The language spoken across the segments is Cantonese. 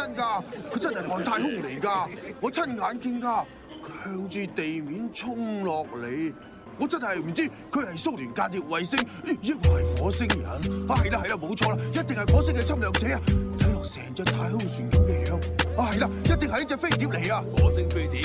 真噶，佢真係寒太空嚟噶，我親眼見噶，向住地面衝落嚟。我真係唔知佢係蘇聯間諜衛星，抑或係火星人。啊，係啦係啦，冇錯啦，一定係火星嘅侵略者啊！睇落成隻太空船咁嘅樣。啊，係啦，一定係一隻飛碟嚟啊！火星飛碟，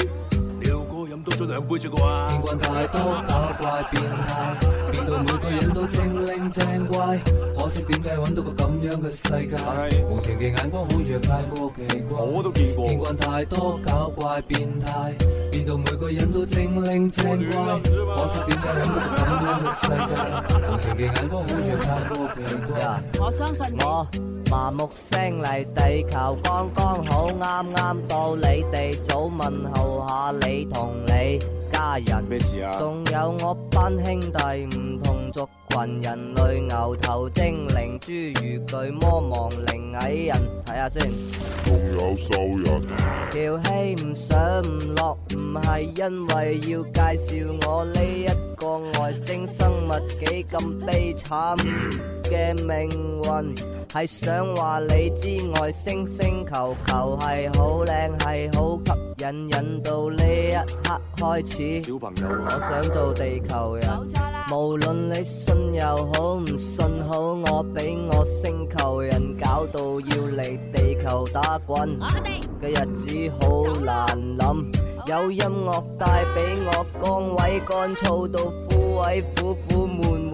廖哥飲多咗兩杯啫啩。見慣太多搞怪變態，變到每個人都精靈精怪。我識點解揾到個咁樣嘅世界，無情嘅眼光好弱，太過奇怪。我都見過。見慣太多搞怪變態，變到每個人都精靈奇怪。我識點解揾到個咁樣嘅世界，無情嘅眼光好弱，太過奇怪。我相信我麻木聲嚟地球，剛剛好啱啱到你哋，早問候下你同你家人。咩事啊？仲有我班兄弟唔同。群人類、牛頭精靈、侏儒、巨魔、亡靈、矮人，睇下先。仲有獸人。條氣唔上唔落，唔係因為要介紹我呢一個外星生物幾咁悲慘嘅命運。係想話你知外星星球球係好靚，係好吸引人，到呢一刻開始。小朋友，我想做地球人。無論你信又好唔信好，我俾我星球人搞到要嚟地球打滾。我嘅日子難好難諗，有音樂帶俾我，乾位乾燥到枯萎，苦苦悶。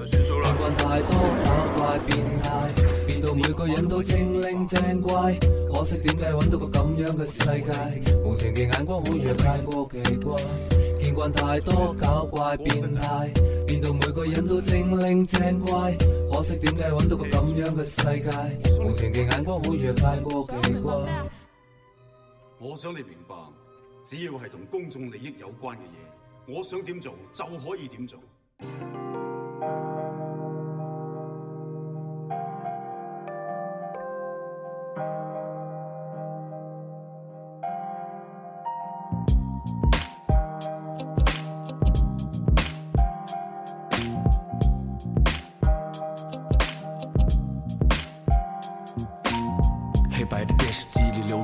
見慣太多搞怪變態，變到每個人都精靈精怪。可惜點解搵到個咁樣嘅世界？無情嘅眼光好似太過奇怪。見慣太多搞怪變態，變到每個人都精靈精怪。可惜點解搵到個咁樣嘅世界？無情嘅眼光好似太過奇怪。我想你明白，只要係同公衆利益有關嘅嘢，我想點做就可以點做。